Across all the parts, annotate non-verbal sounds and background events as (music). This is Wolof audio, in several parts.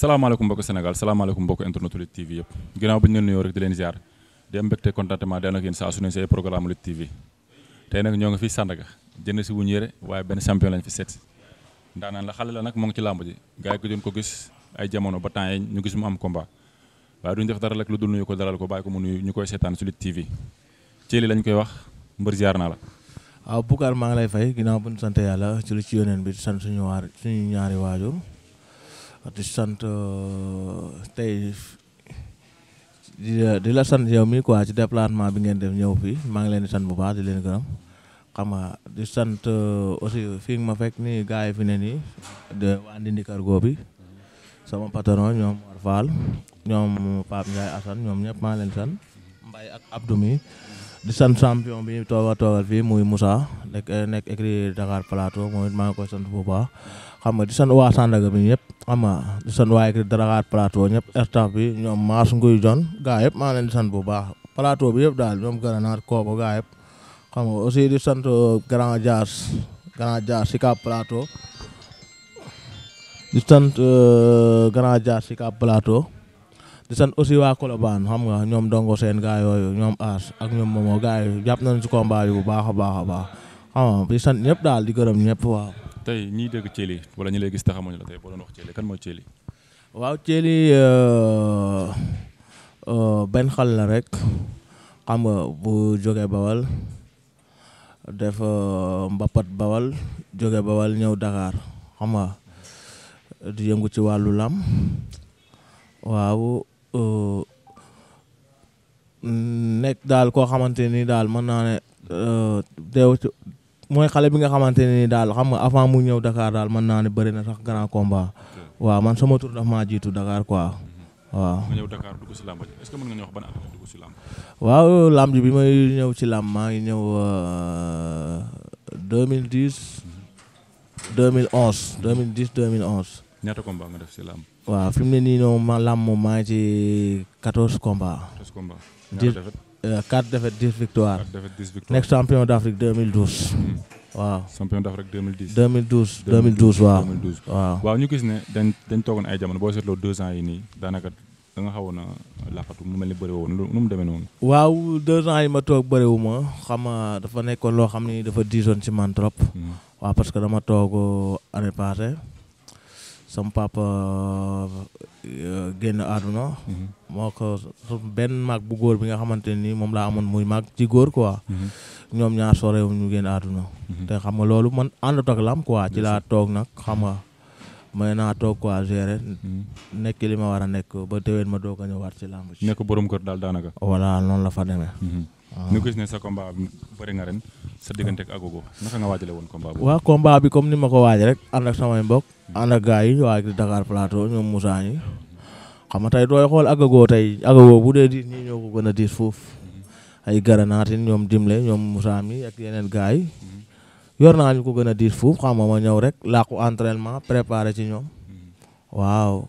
salaamaaleykum mbokk Sénégal salaamaaleykum mbokk internet Lutte TV yëpp ginnaaw bi ñu leen nuyoo rek di leen ziar di am mbégte contentement di ànd ak saa su ne say programme Lutte TV tey nag ñoo ngi fi Sandaga jënd si wuñu yére waaye benn champion lañ fi seet ndaanaan la xale la nag moo ngi ci làmb ji gars yi ko doon ko gis ay jamono ba temps yi ñu gis mu am combat waaye duñ def dara rek lu dul nuyu ko dalal ko bàyyi ko mu nuyu ñu koy seetaan si Lutte TV Thielly lañ koy wax mbër ziar naa la waaw ah, Boucar maa ngi lay fay ginnaaw bu sant yàlla ci lu ci yóneen bi sant suñu waar suñu di sant eh, tey di la sant yow mi quoi ci déplacement bi ngeen def ñëw fii maa ngi leen di sant bu baax di leen gërëm xam nga di sant eh, aussi fi nga ma fekk nii gars yi fi ne nii de waa Ndindi bi sama patron ñoom Mor Fall ñoom Pape Ndiaye Assane ñoom ñëpp maa leen di sant Mbaye ak Abdou di sant champion bi toogal toogal fii muy musa nekk eh, nekk écrit Dakar Plateau moom it maa koy sant bu baax xam nga di sant waa Sandaga bi ñëpp xam nga di sant waa écurie Dakar plateau ñëpp staff bi ñoom Mars Nguy Jon gaa yëpp maa ngi leen di sant bu baax plateau bi yëpp daal ñoom gën a naat kooba gaa yëpp xam nga aussi di sant euh, Grand Dias Grand Dias si Cap Plateau di sant euh, Grand Dias si Cap Plateau di sant aussi waa Colobane xam nga ñoom dongo seen gaa yooyu ñoom aas ak ñoom moomoo gaa yi jàpp nañu si combat yi bu baax a baax a baax xam nga di sant ñëpp daal di gërëm ñëpp waaw tey ñiy dégg Thiely wala ñi lay gis taxamuñu la tey boo doon wax Thiely kan mooy Thiely. waaw Thiely euh, euh, benn xal la rek xam nga bu jógee Bawal def euh, mbapat Bawal jógee Bawal ñëw Dakar xam nga di yëngu ci wàllu lam waaw. nekk daal koo xamante ni daal mën naa ne mooy xale bi nga xamante ne ni daal xam nga avant mu ñëw Dakar daal mën naa ne bëri na sax grand combat waaw man sama tur dafa maa jiitu Dakar quoi mhm. waaw. nga ñëw dugg si làmb ji est-ce que mën nga ñëw wax ban at nga dugg si làmb. maa làmb ji bi may ñëw ci làmb maa ngi ñëw 2010 2011 2010 2011. ñaata combat nga def si làmb. waaw fi mu ne nii noonu ma làmb moom maa ngi ci 14 combats. 4 euh, défaites 10 victoires. 4 champion d' hmm. waaw ñu gis ne dañ dañ toogoon ay jamono boo seetloo 2 ans yi nii daanaka da nga xawoon a laqatu mu mel ni bëri woon nu mu demee waaw 2 ans yi ma toog bëriwu ma dafa nekkoon loo xam ni dafa diisoon ci man trop. Hmm. waaw parce que dama toog année passée. sama papa euh, génn àdduna mhm. moo ko benn mag bu góor bi nga xamante ni moom laa amoon muy mag ci góor quoi mhm. ñoom ñaar sorewu ñu génn àdduna mhm. te xam nga loolu man àndut ak lam quoi ci laa toog nag xam nga may naa toog quoi gérer nekk li ma war a nekk ba ween ma doog a ñëwaat ci làmb ci nekk borom kër daal daanaka voilà noonu la fa demee ah. gis ne sa combat bëri nga ren sa diggante ak Agogo naka nga waajale woon comme ni ma ko waajee rek ànd ak samay mbokk. ànd ak gars yi waa Dakar Plateau ñoom Moussa ñi xam tey dooy xool Agogo tey Agogo bu dee diis ñii ñoo ko gën a diis foofu. ay garanaatin ñoom dimle ñoom Moussa mi ak yeneen gars yi. yor naa ñu ko gën a diis foofu xam nga ma ñëw rek làqu entraînement préparé ci ñoom. waaw.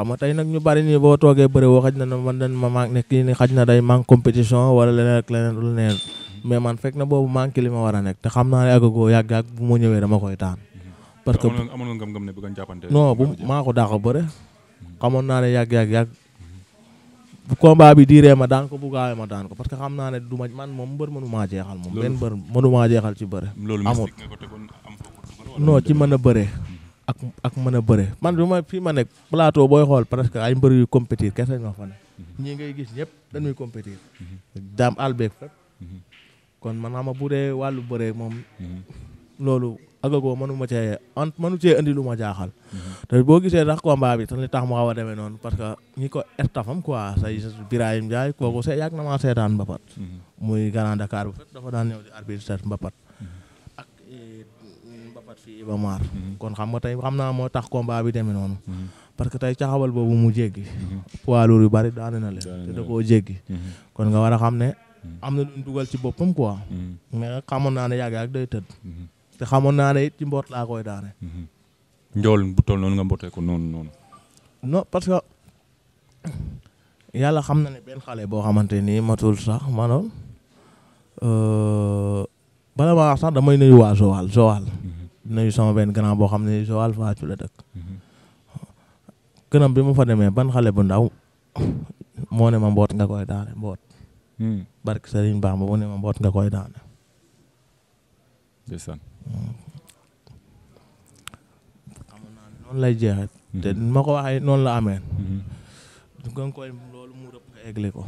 xam nga tey nag ñu bari nii boo toogee bëri woo xaj na man man man maa nekk nii xaj na day manque compétition wala leneen ak leneen lu mais man fekk na boobu maa ngi li ma a nekk te xam naa ne àggagoo yàgg yàgg bu ma ñëwee dama koy daan. Mhm. parce que amoon bu maa ko mhm. mhm. bi diiree ma daan bu gaawee ma daan ko parce que xam naa ne ma man moom mbër mënu maa jeexal moom. benn mbër mënu maa jeexal ci bëre. amul non ci mën a bëre. ak mën a bëre man bi ma fii ma nekk plateau booy xool presque ay mbër yu compétir kese ñoo fa ne ñii ngay gis ñëpp dañuy compétir. daam albeeg kon man xam nga bu dee wàllu bëree moom. Mhm. loolu agagoo mënu ma cee ant mënu cee andi lu ma jaaxal. Mhm. te boo gisee ndax combat bi te li tax mu xaw a demee noonu parce que ñi ko estafam quoi say Birahim Ndiaye kooku see yàgg na maa seetaan mbapat. Mhm. muy Grand Dakar bu fet dafa daan ñëw di arbitre eh, kon xam nga tey xam naa moo tax combat bi demee noonu. parce que tey caxawal boobu mu jéggi. poids lourd yu bari daane te da koo jéggi. kon nga war xam ne am na lu dugal ci boppam quoi. Mm-hmm. mais nag xamoon naa ne yàgg day tëdd. Mm-hmm. te xamoon naa ne it ci mboot laa koy daane. Mm-hmm. njool bu toll noonu nga mbootee ko noonu noonu. non parce que yàlla xam na ne benn xale boo xamante ni matul sax maanaam euh, bala maa wax sax damay nuyu waa Joal Joal. nuyu sama benn grand boo xam ne Joal Fadiouth la dëkk. gënam bi mu fa demee ban xale bu ndaw moo ne ma mboot nga koy daane mboot. Hmm. barke Serigne Bamba mu ne ma mboot nga koy daane. ndeysaan. xam hmm. naa noonu lay jeexee. Hmm. te ma ko waxee noonu la amee. du nga koy loolu mu rëpp nga egli ko.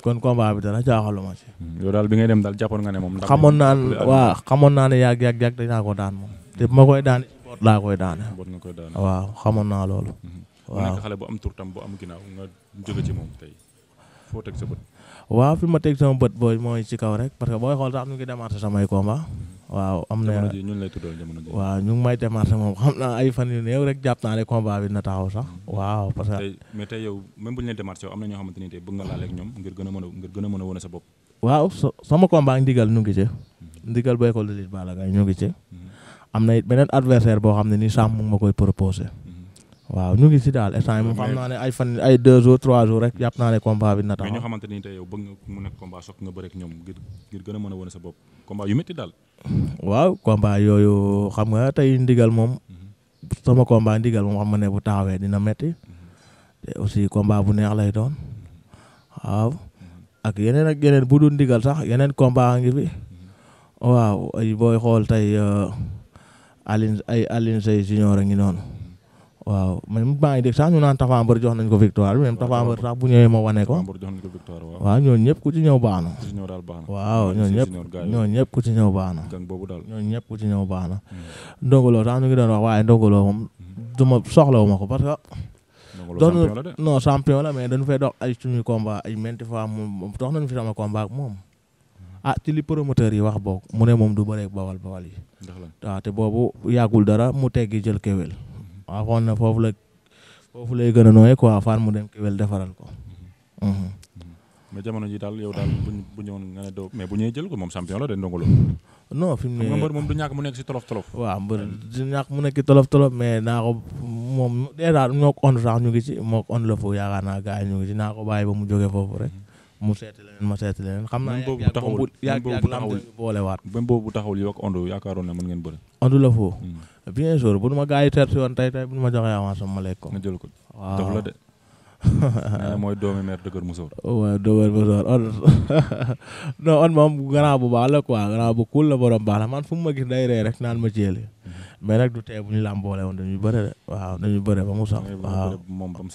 kon combat bi dana jaaxaluma ci. yow daal bi ngay dem daal jàppoon nga ne moom. xamoon naa ne waaw xamoon naa ne yàgg yàgg yàgg dinaa ko daan moom. te bu ma koy daan boot laa koy daane. boot nga koy daane waaw xamoon naa loolu. waaw bu nekk am tur tam bu am ginnaaw nga jóge ci moom tey foo teg sa bët. waaw fi ma teg sama bët booy mooy ci kaw rek parce que booy xool sax ñu ngi am na jamono may démarché moom xam naa ay fan yu néew rek jàpp naa ne combat mm-hmm. na ñoo xamante ni tey bëgg nga a mën a ngir gën a mën a wane sa bopp waaw sama combat ak ndigal ñu ngi ci mm-hmm. ndigal booy ngi ci mm-hmm. am na it beneen adversaire boo xam ne ni sàmm mu ma koy proposé waaw ñu ngi si daal instant yi moom xam naa ay fan ay deux jours trois jours rek jàpp naane ne combat bi na taxaw. mais ñoo xamante ni ngir ngir gën a mën a wane sa bopp combat yu métti daal. waaw combat yooyu xam nga tey ndigal moom. Mhm. soma combat ndigal moom xam ne bu taxawee dina métti. te aussi combat bu neex lay doon. waaw ak yeneen ak yeneen bu dul ndigal sax yeneen combat ngi fi. Mhm. waaw ay booy xool tey euh, Alioune ay Alioune Seye junior a ngi noonu. waaw même maa ngi dégg sax ñu naan Tapha jox nañ ko victoire bi même sax bu ñëwee ma wane ko waaw ñooñu ñëpp ku ci ñëw baax na waaw ñooñu ñëpp ñooñu ñëpp ku ci ñëw baax na ñooñu ñëpp ku ci ñëw baax na hmm. Ndongo Lo sax ñu ngi doon wax waaye Ndongo moom hmm. du ma ko parce que doon non champion la mais dañu fay dox ay suñu combat ay menti fois moom dox nañu fi sama combat ak moom hmm. ah ci li promoteur yi wax boog mu ne moom du bëreeg bawal bawal yi waaw te boobu yàggul dara mu teggi jël kéwél maa foog ne foofu la foofu lay gën a nooyee quoi far mu dem Kewel defaral ko. Mhm. Mhm. Mhm. mais jamono ji daal yow daal bu ñu bu ñëwoon nga ne doo mais bu ñëwee jël ko moom champion la de Ndongo Lo. non fi mu moom du ñàkk mu nekk si tolof tolof. waaw mbër du mu nekk tolof tolof mais naa ko moom déjà ñoo ko on sax ñu ngi si moo ko on la foofu yaakaar naa gars yi ñu ngi ci naa ko bàyyi ba mu jógee foofu rek. mu seeti leneen ma seeti leneen. xam naa boobu bu taxawul yàgg yàgg bu boolewaat. bu taxawul yow ak yaakaaroon na mën ngeen bëri. Onde la foo. Hmm. bien sûr bu nu ma gars yi terti woon tey tey bu nu ma joxee avance ma lekk ko. nga jël ko waaw daf la (laughs) mooy doomi maire de Kër Moussor. waaw (laughs) bu baax la quoi grand bu cool la borom baax la man fu mu ma gis day ree rek naan ma jéeli. Hmm. mais nag du tee bu ñu làmboole woon dañuy bëre de waaw dañuy bëre ba mu saf. waaw moom ba mu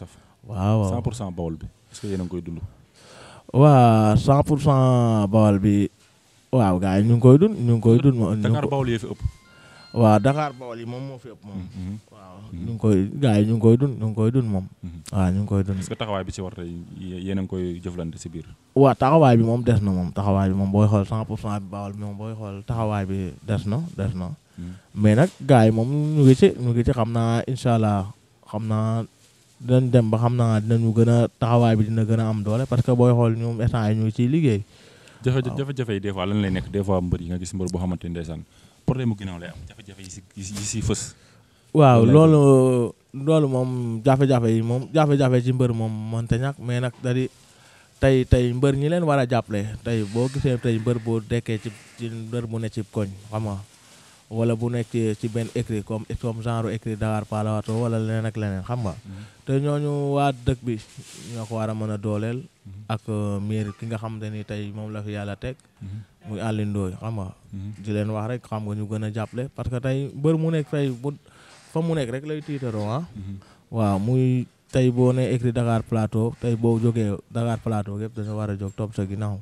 waaw pour 100 bawol bi est koy dund. waa 100 pour cent Bawal bi waaw gars yi ñu ngi koy dund ñu ngi koy dund. ñu ngi ko Dakar Bawal yee fi ëpp. waaw Dakar Bawal yi moom moo fi ëpp moom. Mm-hmm. Mm-hmm. waaw ñu ngi koy gars ñu ngi koy dund ñu ngi koy dund moom. Mm-hmm. waaw ñu ngi koy dund. est-ce que taxawaay bi ci war tey koy jëflante si biir. waaw taxawaay bi moom des na moom taxawaay bi moom booy xool 100 pour cent Bawal bi moom booy xool taxawaay bi des na des na. mais nag gars yi moom ñu ngi xam naa incha allah xam naa dinañ dem ba xam naa dinañu gën a taxawaay bi dina gën a am doole parce que booy xool ñoom instant yi ñu ciy liggéey. waaw jafe-jafe yi des fois lan lay nekk des fois mbër yi nga gis mbër boo xamante ni ndeysaan problème mu ginnaaw lay am jafe-jafe si yi waaw loolu loolu moom jafe yi moom jafe-jafe mbër moom mënta ñàkk mais nag da tey tey mbër ñi leen war a jàppale tey boo gisee tey mbër boo dekkee ci ci mbër mu ne ci koñ xam nga wala bu nekk ci benn écrit comme comme genre écrit Dakar Paalawato wala leneen ak leneen xam nga. Mm-hmm. te ñooñu waa dëkk bi ñoo ko war a mën a dooleel. Mm-hmm. ak euh, mairie ki nga xamante ni tey moom la fi yàlla teg. Mm-hmm. muy Alioune Ndoye xam nga. di leen wax rek xam nga ñu gën a jàppale parce que tey bër mu nekk tey bu fa mu nekk rek lay tiitaroo ah. waaw muy tey boo nee écrit Dakar Plateau tey boo jógee Dakar Plateau yëpp dañoo war a jóg topp sa ginnaaw.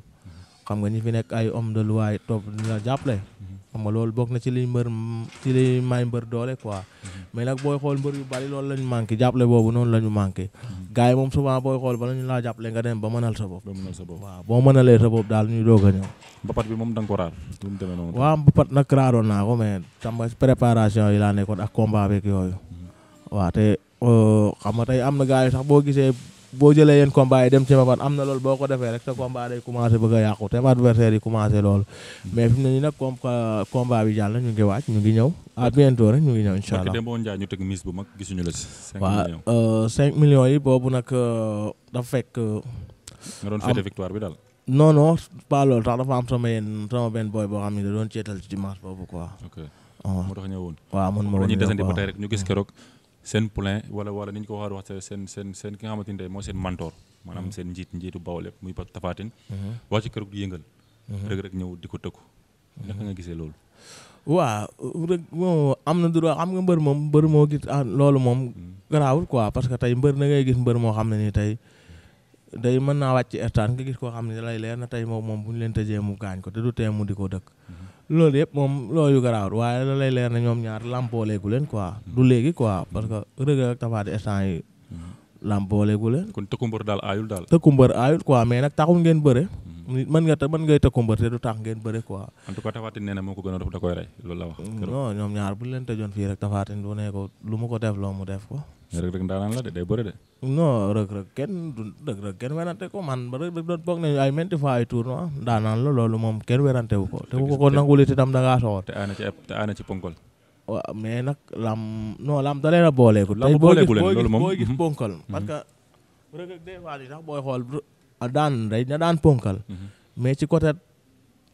xam nga ñi fi nekk ay homme de loi topp di la jàppale. Mm-hmm. xam nga loolu bokk na ci liy mbër ci liy may mbër doole quoi. Mm-hmm. mais nag booy xool mbër yu bari loolu la ñu manqué boobu noonu la ñu manqué. Mm-hmm. moom souvent booy xool bala laa jàppale nga dem ba mënal sa bopp. boo mënalee sa bopp daal ñuy doog a bi moom da ko raar. lu mu nag raaroon naa ko mais xam préparation yi laa nekkoon ak combat beeg yooyu. waaw te euh, xam nga tey am na gars sax boo gisee boo jëlee yéen combat yi dem ci mbapat am na loolu boo ko defee rek te combat day commencé bëgg a yàqu te adversaire yi commencé loolu hmm. mais fi mu ne nii nag comme euh, combat bi jàll na ñu ngi ñëw à bientôt rek ñu ngi ñëw incha allah demoon njaay ñu bu mag gisuñu la si. 5 euh, millions yi boobu nag euh, dafa fekk. nga doon fêté bi daal. non non pas loolu tax dafa am sama yenn sama benn boy boo xam ne da doon ceetal ci dimanche boobu quoi. ok ah. moo tax ñëwoon. waaw man ma ñu desandi ba rek ñu gis keroog seen poulain wala wala ni ñu ko waxee wax seen seen seen ki nga xamante ni tey seen mantoor maanaam mhm. seen njiit njiitu Bawol lépp muy Tapha Tine mhm. wax ci kër du yëngal mhm. rek rek ñëw di ko tëkku naka nga gisee loolu waaw moom am na droit xam nga mbër moom mbër moo gis ah, loolu moom garaawul quoi parce que tey mbër na ngay gis mbër moo xam ne ni tey day mën naa wàcc ci stade nga gis koo xam ne lay leer na tey moom moom bu ñu leen tëjee mu gaañ ko te du tee mu di ko dëkk loolu yëpp moom loolu yu garaawut waaye la leer na ñoom ñaar làmbooleegu leen quoi du léegi quoi parce que Reug Reug ak Tapha Tine instant yi hmm. làmbooleegu leen. kon tëkku mbër daal aayul daal. tëkku mbër aayul quoi mais nag taxul ngeen bëre. Hmm. mën nga ta mën ngay tëkku mbër te du tax ngeen bëre quoi. en tout cas Tapha Tine ko gën a da koy rey loolu la wax. Mm, non ñoom ñaar bu leen tëjoon fii ko def loo def ko. rëg rëg ndaanaan la de day bëre de. non rëg rëg kenn du rëg ko man rëg rëg doon bokk nañu ay maintes fois ay tournoi ndaanaan la loolu moom kenn werante wu ko. te bu ko ko itam da ngaa te aana ci te aana ci lam non lam da leen a booleeku. lam booleeku leen loolu moom tey gis boo gis ponkol. rëg rëg des fois sax booy xool daan day da daan ponkal. mais ci côté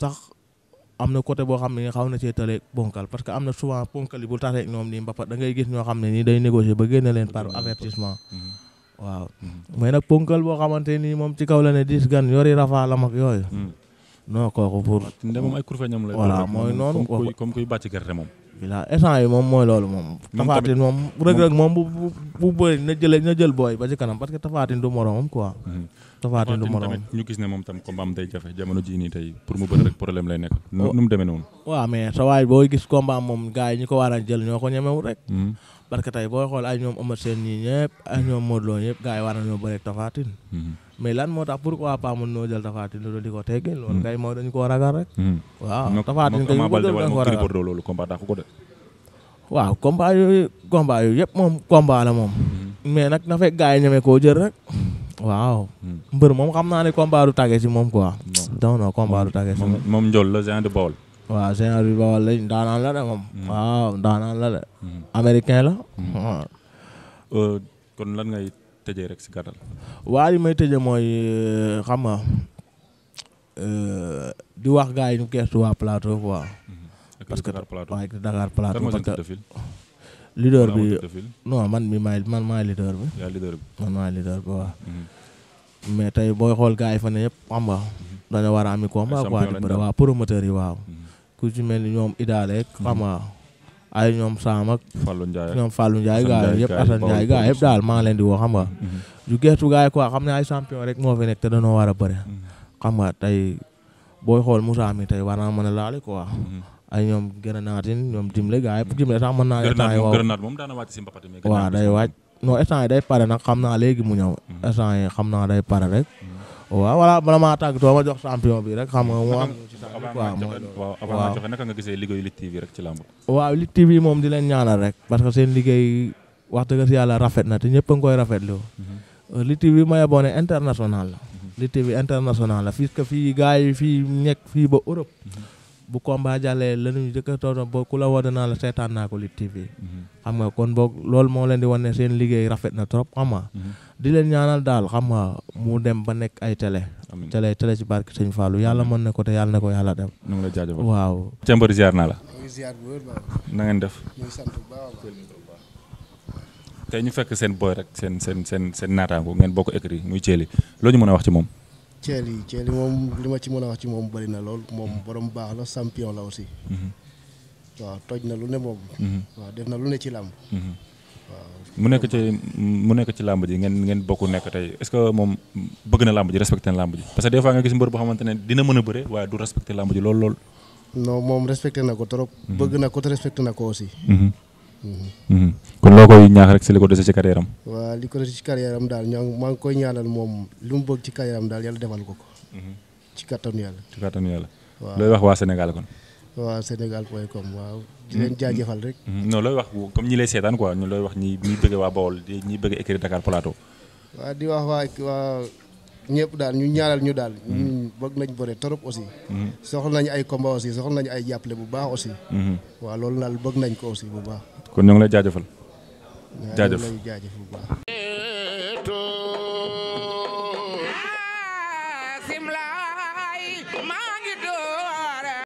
sax am na côté boo xam ne xaw na cee tële ponkal parce que am na souvent ponkal yi bu tax rek ñoom nii da ngay gis ñoo xam ne nii day négocier ba génne boo xamante ni moom ci kaw la ne diis gan yori rafaa la mag yooyu. non kooku pour. ndem moom ay kurfeñam la. voilà mooy noonu kooku comme kuy bàcc gerte moom. voilà instant yi moom tafaatin moom rëg rëg moom bu bu bu na jël booy ba ci kanam parce que tafaatin du moromam quoi. tafaatin du moroom ñu gis ne moom tam combat am day jafe jamono jii nii tey pour mu bëri rek problème lay nekk. nu mu demee noonu. waaw mais boo gis combat moom gars yi ñu ko war a hmm. que tey booy xool ay ñoom Eumeu tafaatin. Hmm. mais lan moo tax pourquoi pas mën noo jël tafaatin loolu di ko teggee. Hmm. loolu kay moo dañu koo ragal rek. waaw tafaatin ko jël dañ ko ragal loolu combat daa ko ko de. waaw combat yooyu combat moom combat la moom. mais nag na fekk gars yi ñeme koo jël rek waaw hmm. mbër moom xam naa ne combat du tàggee moom quoi. non non combat du moom. moom Ndiol la géant de Baol. waaw géant de Baol la daanaan la de moom. Hmm. waaw daanaan la de. Hmm. américain la. Euh, kon lan ngay tëjee rek si gàttal. waa li may tëjee mooy euh, xam euh, di wax gars yi ñu gëstu waa plateau quoi. leader bi non man mi maay man bi. man maay leader bi waaw. Mhm. mais tey booy xool gars yi fa ne yëpp xam nga. Mhm. dañoo war a ami combat quoi di bëre waaw promoteur yi waaw. Mhm. ku ci mel ni ñoom Idaale xam nga ay ñoom Saam ak. Fallou Ndiaye ñoom Fallou Ndiaye gars yëpp Assane Ndiaye gars yëpp daal maa ngi leen di xam nga. ju geestu gaay ko quoi xam ne ay champion rek moo fi nekk te dañoo war a bëre. xam nga tey booy xool musa mi tey war ma mën a laale quoi. ay ñoom gërënaatin ñoom dimbali gars yi dimbali sax mën naa. état yi waaw gërënaat moom daan na wàcc si mbapat mi. waaw day wàcc non état yi mu ñëw. Mm-hmm. état yi xam naa day pare rek. Mm-hmm. waaw voilà bala maa tàggatoo jox champion bi rek xam nga mu am. waaw avant TV moom di leen ñaanal rek. parce seen liggéey wax dëgg si yàlla rafet na te ñëpp a ngi koy rafetlu. Mm-hmm. Lutte TV ma yeboon international la. Lutte TV international la fii que fii gars nekk fii ba Europe bu combat jàllee la ñu jëkk a toog boo ku la woo danaa la seetaan naa ko Lutte TV. Mhm. xam nga kon boog lool moo leen di wane seen liggéey rafet na trop xam nga mhm. di leen ñaanal daal xam nga mu dem ba nekk ay télé. amiin télé télé ci barke Sëñ Fallou yàlla mën na ko te yàlla na ko yàlla dem. ñu ngi la jaajëfal waaw. Thiambar ziar naa la. na ngeen def. tey ñu fekk seen booy rek seen seen seen seen naataango ngeen bokk écrit muy Thielly loo ñu mën a wax ci moom. Thiel yi Thiel yi moom li ma ci mën a wax ci moom bëri na lool moom mhm. borom baax la champion la aussi. Mhm. waaw toj na lu ne moom. Mhm. waaw def na lu ne ci làmb. waaw mu nekk ci mu nekk ci làmb ji ngeen ngeen bokk nekk tey est-ce moom bëgg na làmb ji respecté na làmb ji parce que des nga gis mbër boo xamante ne dina mën a bëre waaye du respecté làmb ji lool lool. non moom respecté na ko trop. bëgg na ko te respecté na ko aussi. Mm-hmm. Mm-hmm. kon loo koy ñaax rek si li ko dese ci carrière am. waaw li ko dese ci carrière am daal ñoo maa ngi koy ñaanal moom lu mu bëgg ci carrière am daal yàlla defal ko ko. Mm-hmm. ci kattanu yàlla. ci kattanu yàlla. waaw looy wax waa Sénégal kon. waaw Sénégal ñi lay seetaan quoi ñu wax ñi ñi bëgg waa Bawol ñi bëgg écrire Dakar Plateau. ñu ñaanal ñu daal. ñu bëgg nañ bëre trop aussi. nañ ay combat aussi soxla nañ ay jàppale bu baax aussi. waaw loolu daal bëgg nañ ko aussi bu baax. kon ñoo ngi lay jaajëfal jaajëf